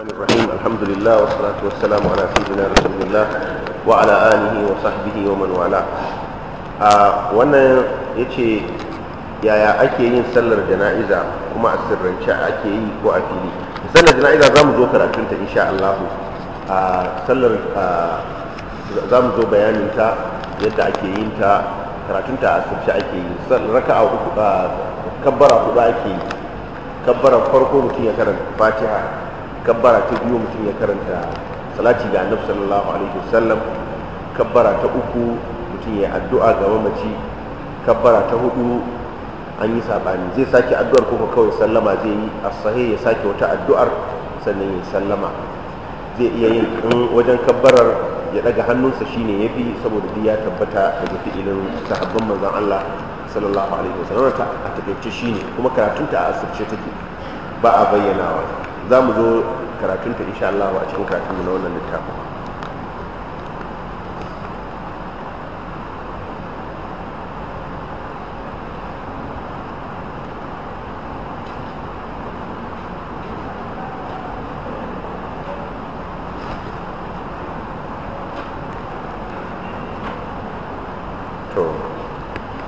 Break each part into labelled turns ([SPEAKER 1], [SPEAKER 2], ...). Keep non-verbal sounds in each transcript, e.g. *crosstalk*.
[SPEAKER 1] الرحمن الرحيم الحمد لله والصلاة والسلام على سيدنا رسول الله وعلى آله وصحبه ومن والاه ya ce yaya ake yin sallar jana'iza kuma a sirrance ake yi ko a fili sallar jana'iza za mu zo karatunta insha sallar za mu zo bayaninta yadda ake yin ta karatunta a sirrance ake yi raka'a kabbara ake yi farko mutum ya karanta fatiha kabbara ta biyu mutum ya karanta salati ga annabi sallallahu alaihi wasallam kabbara ta uku mutum ya addu'a ga mamaci kabbara ta hudu an yi sabani zai sake addu'ar kuma kawai sallama zai yi as-sahih ya sake wata addu'ar sannan ya sallama zai iya yin in wajen kabbarar ya daga hannunsa shine yafi saboda duk ya tabbata da zafi fi'ilin sahabban manzon Allah sallallahu alaihi wasallam ta a takaice shine kuma karatun ta a asirce take ba a bayyanawa za mu zo karatunta insha Allah a cikin mu na wannan littafin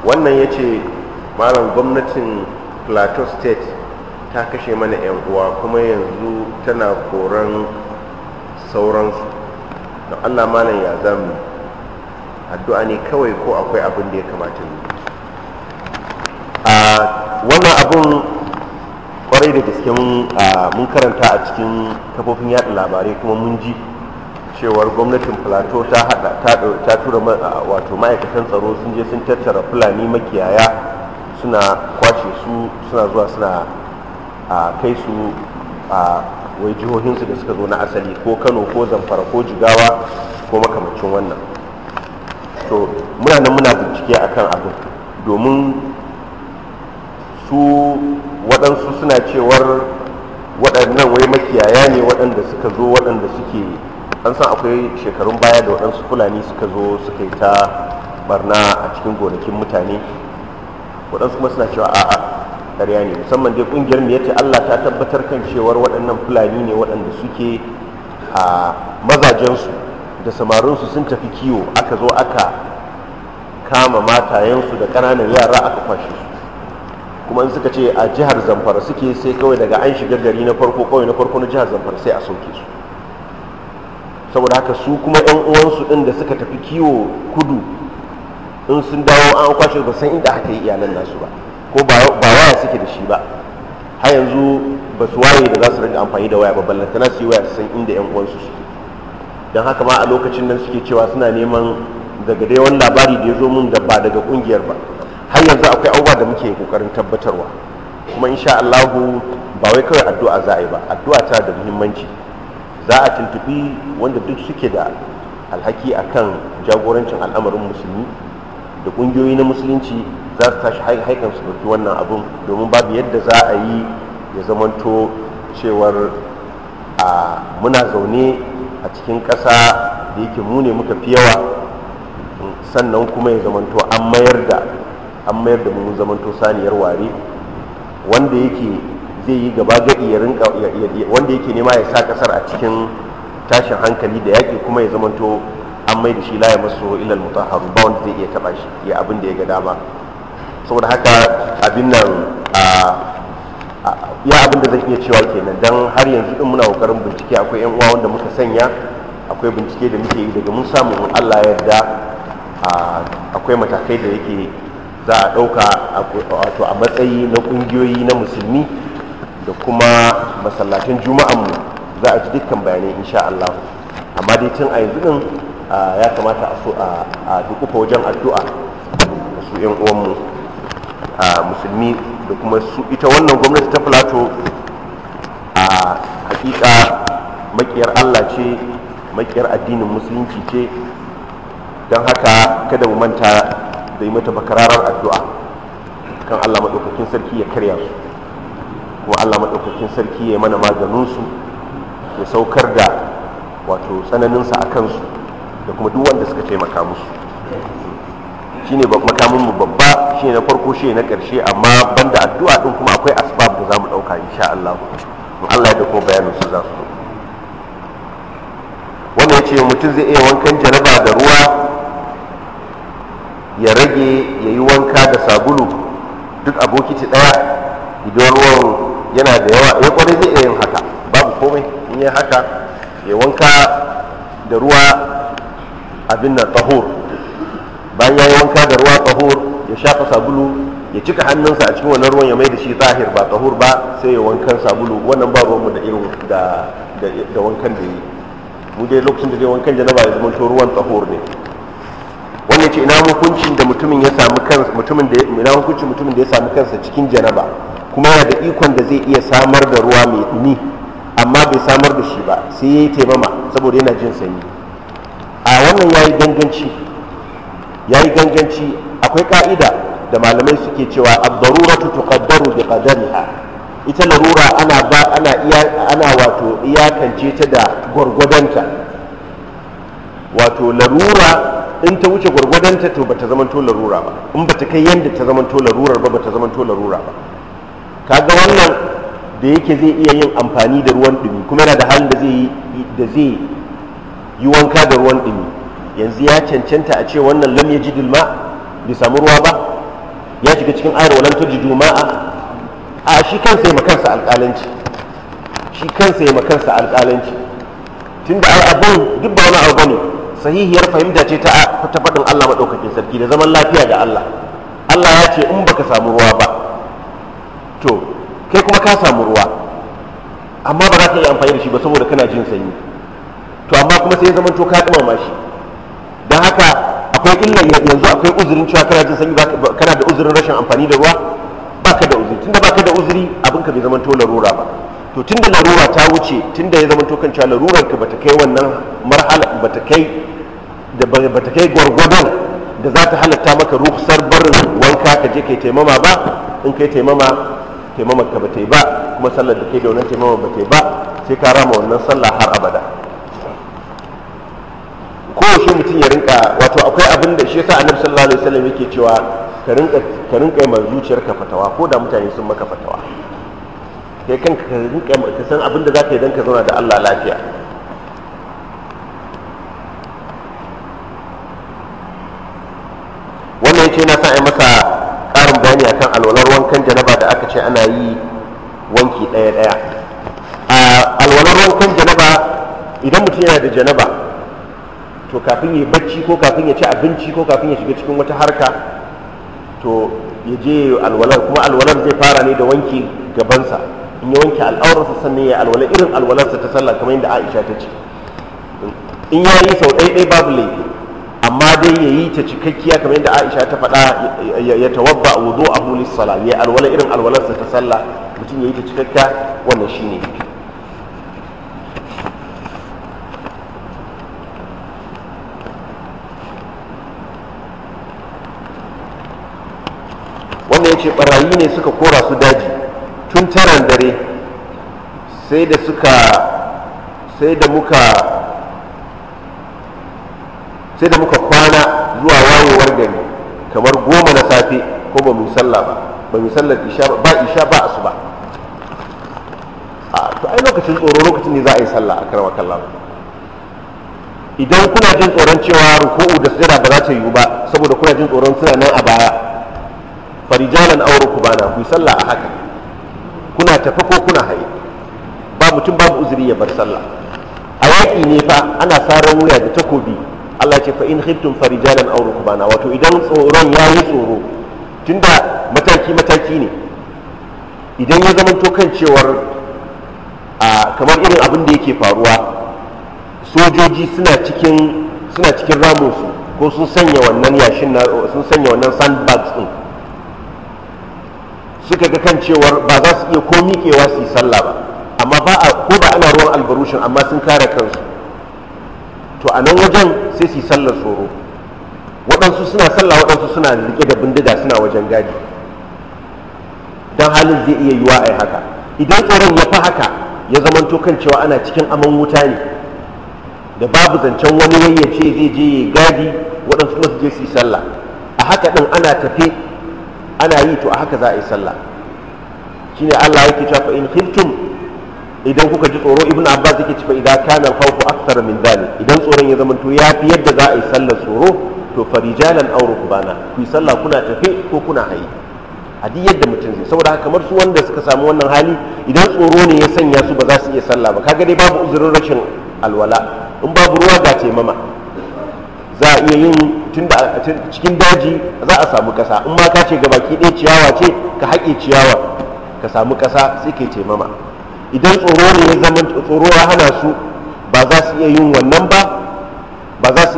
[SPEAKER 1] wannan ya ce malam gwamnatin plateau state ta kashe mana 'yan uwa kuma yanzu tana koran sauransu don allah malam ya zamu addu'a ne kawai ko akwai abin da ya kamata ne a wannan abin kwarai da gaske mun karanta a cikin kafofin yada labarai kuma mun ji cewar gwamnatin plateau ta hada ta tura wato ma'aikatan tsaro sun je sun tattara fulani makiyaya suna kwace su suna zuwa suna a kai su a wai jihohinsu da suka zo na asali ko kano ko zamfara ko jigawa ko makamacin wannan to muna nan muna bincike a kan abin domin su waɗansu suna cewar waɗannan wai makiyaya ne waɗanda suka zo waɗanda suke an san akwai shekarun baya da waɗansu fulani suka zo suka yi ta barna a cikin gonakin mutane waɗansu kuma suna cewa a'a ƙarya ne musamman dai ƙungiyar mu yace Allah ta tabbatar kan cewar waɗannan fulani ne waɗanda suke a mazajensu da samarinsu sun tafi kiwo aka zo aka kama matayensu da ƙananan yara aka kwashe su kuma in suka ce a jihar zamfara suke sai kawai daga an shiga gari na farko kawai na farko na jihar zamfara sai a sauke su saboda haka su kuma yan uwansu ɗin da suka tafi kiwo kudu in sun dawo an kwashe ba san inda aka yi iyalan nasu ba ko ba waya suke da shi ba har yanzu ba su waye da za su rage amfani da waya ba tana su yi waya su san inda yan uwansu su don haka ma a lokacin nan suke cewa suna neman daga dai wani labari da ya zo mun da ba daga kungiyar ba har yanzu akwai abubuwa da muke kokarin tabbatarwa kuma insha Allahu ba wai kawai addu'a za a yi ba addu'a ta da muhimmanci za a tuntubi wanda duk suke da alhaki akan jagorancin al'amarin musulmi da ƙungiyoyi na musulunci za su tashi haikan su ɗauki wannan abin domin babu yadda za a yi ya zamanto cewar a muna zaune a cikin ƙasa da yake mu ne muka fi yawa sannan kuma ya zamanto an mayar da an mayar da mun zamanto saniyar ware wanda yake zai yi gaba gadi ya rinka wanda yake nema ya sa ƙasar a cikin tashin hankali da yaƙi kuma ya zamanto an mai da shi la ya maso ilal mutaharu ba wanda zai iya taɓa shi ya abin da ya ga dama saboda haka abin nan ya abin da zan iya cewa kenan don har yanzu din muna kokarin bincike akwai yan uwa wanda muka sanya akwai bincike da muke yi daga mun samu in Allah ya yarda akwai matakai da yake za a ɗauka wato a matsayi na ƙungiyoyi na musulmi da kuma masallacin juma'anmu za a ji dukkan bayanai insha Allah amma dai tun a yanzu din ya kamata a dukufa wajen addu'a da su 'yan uwanmu a musulmi da kuma su ita wannan gwamnati ta plato a hakika makiyar allah ce makiyar addinin musulunci ce don haka kada mu manta da yi mata bakararar addu'a kan allah maɗaukakin sarki ya karya su kuma allah maɗaukakin sarki ya yi mana maganinsu ya saukar da wato tsananinsa a kansu da kuma duk wanda suka taimaka musu shine makamin mu babba shine na farko shi na karshe amma banda addu'a din kuma akwai asbab da za zamu ɗauka insha Allah in Allah ya da kuma bayanin su za su wannan ce mutum zai iya wankan jaraba da ruwa ya rage ya yi wanka da sabulu duk a bokiti ɗaya idan ruwan yana da yawa ya eh kwarai zai iya yin haka babu komai in yi haka ya wanka da ruwa abin na tahur bayan ya yi wanka da ruwa tahur ya shafa sabulu ya cika hannunsa a cikin wannan ruwan ya mai da shi zahir ba tahur ba sai ya wankan sabulu wannan ba ruwanmu da irin da wankan da yi mu dai lokacin da zai wankan janaba ya zama to ruwan tahur ne wannan ce ina hukuncin da mutumin ya samu kansa mutumin da ina hukuncin mutumin da ya samu kansa cikin janaba kuma yana da ikon da zai iya samar da ruwa mai ni amma bai samar da shi ba sai ya yi taimama saboda yana jin sanyi a wannan ya yi ganganci ya yi ganganci akwai ka'ida da malamai suke cewa abdaruratu tuqaddaru bi qadariha ita larura ana ba ana iya ana wato iyakance ta da gwargwadanta, wato larura in ta wuce gwargwadanta to bata to larura ba in bata kai yadda ta to larurar ba bata to larura ba kaga wannan da yake zai iya yin amfani da ruwan ɗumi kuma yana da halin da zai yi wanka da ruwan ɗumi. yanzu ya cancanta a ce wannan lam yajidul ma bai samu ruwa ba ya shiga cikin ayar walan tajidu ma'a a shi kansa ya makansa alƙalanci shi kansa ya makansa alƙalanci tunda ai abin duk ba wani abu bane sahihiyar fahimta ce ta ta faɗin Allah maɗaukakin sarki da zaman lafiya ga Allah Allah ya ce in baka samu ruwa ba to kai kuma ka samu ruwa amma ba za ka yi amfani da shi ba saboda kana jin sanyi to amma kuma sai ya zama to ka ɗumama shi haka akwai illa yanzu akwai uzurin cewa kana jin sanyi kana da uzurin rashin amfani da ruwa baka da uzuri tunda baka da uzuri abinka bai zama to larura ba to tunda larura ta wuce tunda ya zama to kan cewa larurar ka bata kai wannan marhala bata kai da bata kai gwargwadon da za ta halatta maka ruhsar barin wanka ka je kai taimama ba in kai taimama taimamar ka bata yi ba kuma sallar da kai da wannan taimama bata yi ba sai ka rama wannan sallah har abada koyaushe mutum ya rinka wato akwai abin da shi yasa annabi sallallahu alaihi wasallam yake cewa ka rinka ka rinka mai zuciyar ka fatawa ko da mutane sun maka fatawa kai kanka ka rinka ka san abin da zaka yi dan ka zauna da Allah lafiya wannan yace na sa ai masa karin bayani akan alwalar wankan janaba da aka ce ana yi wanki daya daya a alwalar wankan janaba idan mutum yana da janaba to kafin ya bacci ko kafin ya ci abinci ko kafin ya shiga cikin wata harka to ya je alwalar kuma alwalar zai fara ne da wanke gabansa in ya wanke al'aurarsa sannan ya alwala irin alwalarsa ta sallah kamar yadda aisha ta ce in ya yi sau ɗaiɗai babu laifi amma dai ya yi ta cikakkiya kamar yadda aisha ta faɗa ya tawabba a wudu a hulis sala ya alwala irin alwalarsa ta sallah mutum ya yi ta cikakkiya wannan shine ne ce barayi ne suka kora su daji tun taran dare sai da suka sai da muka sai da muka kwana zuwa wayewar gari kamar goma na safe ko ba mu sallah ba ba mu sallar isha ba isha ba asuba a to ai lokacin tsoro lokacin ne za a yi sallah a karwa kallon idan kuna jin tsoron cewa ruku'u da sujada ba za ta yiwu ba saboda kuna jin tsoron suna nan a baya farijalan aure ku bana ku sallah a haka kuna tafe ko kuna haye ba mutum babu uzuri ya bar sallah a yaƙi ne fa ana saran wuya da takobi Allah ce fa in khiftum farijalan aw bana wato idan tsoron ya yi tsoro tunda mataki mataki ne idan ya zama to kan cewar a kamar irin abin da yake faruwa sojoji suna cikin suna cikin ramunsu ko sun sanya wannan yashin sun sanya wannan sandbags din suka ga kan cewar ba za su iya ko miƙewa su yi sallah ba amma ba a ko ba ana ruwan albarushin amma sun kare kansu to a nan wajen sai su yi sallar tsoro waɗansu suna sallah waɗansu suna riƙe da bindiga suna wajen gadi don halin zai iya yiwa a haka idan tsoron ya fi haka ya zamanto kan cewa ana cikin aman wuta ne da babu zancen wani wayyace zai je ya gadi waɗansu kuma su je su yi sallah a haka ɗin ana tafe ana yi to a haka za a yi sallah shi ne Allah yake cewa in khiftum idan kuka ji tsoro ibnu abbas yake cewa idan kana khawfu akthar min dhalik idan tsoron ya zamanto ya fi yadda za a yi sallar tsoro to farijalan aw rukbana ku yi sallah kuna tafe ko kuna hayi a duk yadda mutum zai saboda kamar su wanda suka samu wannan hali idan tsoro ne ya sanya su ba za su iya sallah ba kaga dai babu uzurin rashin alwala in babu ruwa ga taimama za a iya yin tun da cikin daji za a samu kasa in ma ka ce ga baki ɗaya ciyawa ce ka haƙe ciyawa ka samu kasa sai ke taimama idan tsoro ne ya zama tsoro ya hana su ba za su iya yin wannan ba ba za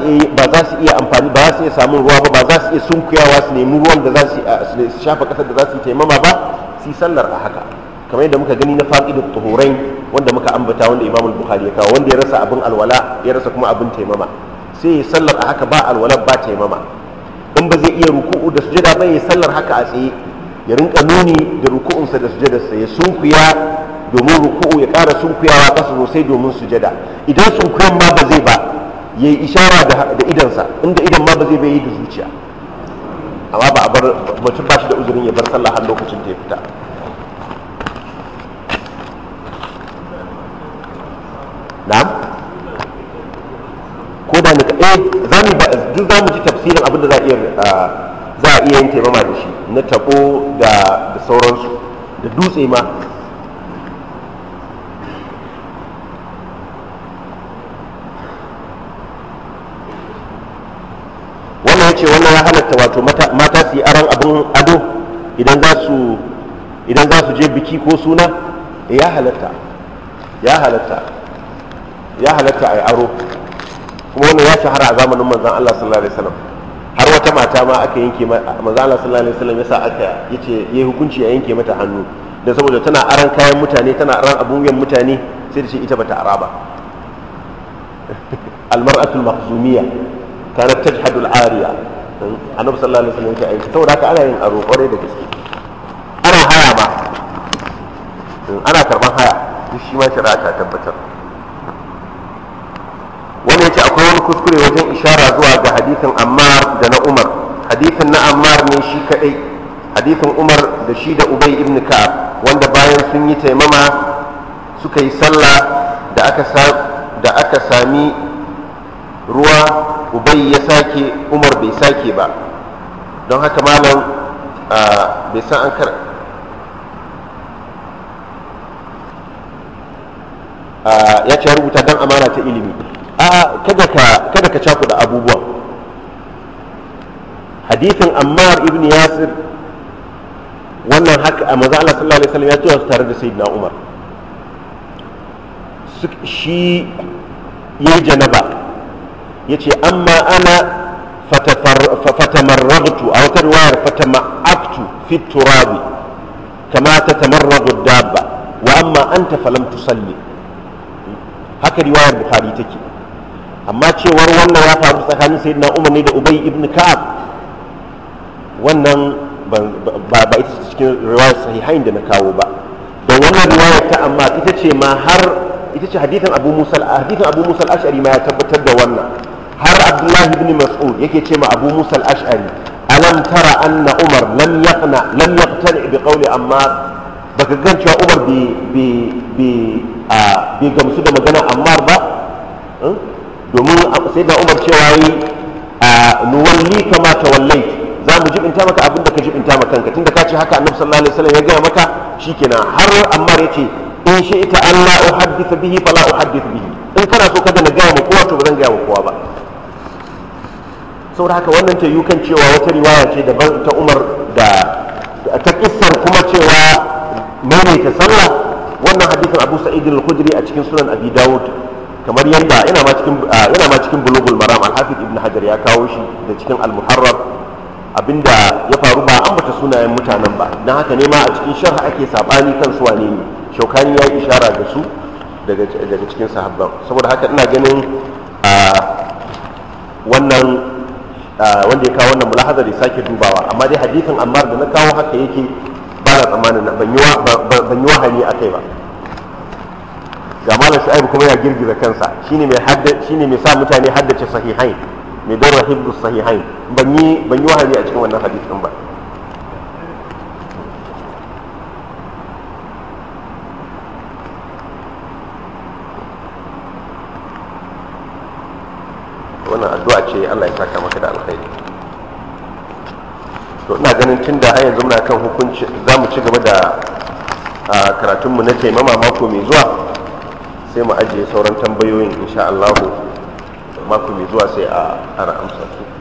[SPEAKER 1] su iya amfani ba za su iya samun ruwa ba ba za su iya sunkuyawa su nemi ruwan da za su shafa kasar da za su yi taimama ba su yi sallar a haka kamar yadda muka gani na faɗi da tuhurai wanda muka ambata wanda imamul bukhari ya kawo wanda ya rasa abin alwala ya rasa kuma abin taimama sai ya sallar a haka ba alwalar ba taimama in ba zai iya ruku'u da sujada ba ya sallar haka a tsaye ya rinka nuni da ruku'unsa da sujadarsa ya sunkuya domin ruku'u ya ƙara sunkuyawa ƙasa sosai domin sujada idan sunkuyan ma ba zai ba ya yi ishara da idansa inda idan ma ba zai bai yi da zuciya amma ba a bar mutum ba shi da uzurin ya bar sallah har lokacin da ya fita e zamu duk zamu ji tafsirin abin da za iya za a iya yin taimama da shi na tabo da da sauransu da dutse ma wannan yace wannan ya halatta wato mata su yi aron abin ado idan za su idan za su je biki ko suna eh, ya halatta ya halatta ya halatta a yi aro kuma wannan ya shahara a zamanin manzon Allah sallallahu alaihi wasallam har wata mata ma aka yanke manzon Allah sallallahu alaihi wasallam yasa aka yace yayi hukunci a yanke mata hannu da saboda tana aran kayan mutane tana aran abun wuyan mutane sai da shi ita bata araba *laughs* almar'atul makhzumiyya kanat tajhadu al annabi sallallahu alaihi wasallam ya ce saboda haka ana yin aro kwarai da gaske ana haya ba ana karban haya duk shi ma shari'a ta tabbatar wani yace kuskure wajen ishara zuwa ga hadithin ammar da na umar hadithin na ammar ne shi kadai hadithin umar da shi da ubay ibn ka'ab wanda bayan sun yi taimama suka yi sallah da aka sami ruwa ubay ya sake umar bai sake ba don haka malam bai san an kar ya ce rubuta don amana ta ilimi kada ka kada ka abubuwan hadithin ammar ibn yasir wannan haka a maza Allah sallallahu alaihi wasallam ya ce su tare da sayyidina umar shi yayi janaba ya ce amma ana fatamarragtu a wata riwayar fatama'aktu fi turabi kama tatamarragu dabba wa amma an falam tusalli haka riwayar bukhari take amma cewar wannan ya faru tsakanin sayyidina umar ne da ubai ibn ka'ab wannan ba ba ita cikin riwayar sahihain da na kawo ba don wannan riwaya ta amma ita ce ma har ita ce hadithan abu musal hadithan abu musal ashari ma ya tabbatar da wannan har abdullahi ibn mas'ud yake ce ma abu musal ashari alam tara anna umar lam yaqna lam yaqtani bi qawli ammar baka gan cewa umar bai gamsu da magana ammar ba hmm? domin sai da umar cewa yi a nuwalli kama ta wallai za mu jibinta maka abin da ka jibinta maka kanka tunda ka ce haka annabi sallallahu alaihi wasallam ya gaya maka shi kenan. har amma ya ce in shi ita Allah uhaddith bihi fala uhaddith bihi in kana so kada na gaya wa kowa to ba zan gaya wa kowa ba saboda haka wannan ta yukan cewa wata riwaya ce daban ta Umar da ta kissar kuma cewa ta sallah wannan hadisin Abu Sa'id al-Khudri a cikin sunan Abi Dawud kamar yadda yana ah, ma cikin bulugul maram alhafi ibn hajar ya kawo shi da cikin almuharrar abinda ya faru ba an bata sunayen mutanen ba don haka ne ma a cikin sharh ake sabani kan su wane ne shaukani ya yi ishara da su daga cikin sahabban saboda haka ina ganin ah, wannan ah, wanda ya kawo wannan mulahazar ya sake dubawa amma dai hadisin ammar da na kawo haka yake ba na tsammanin ban yi wahani a kai ba ga malam shu'aib kuma ya girgiza kansa shine mai hadda shine mai sa mutane haddace sahihai mai dora hibdu sahihai ban yi ban yi wahayi a cikin wannan din ba wannan addu'a ce Allah ya saka maka da alkhairi to ina ganin tunda a yanzu muna kan hukunci za mu ci gaba da karatunmu na taimama mako mai zuwa sai mu ajiye sauran tambayoyin insha Allah mako mai zuwa sai a ara amsa su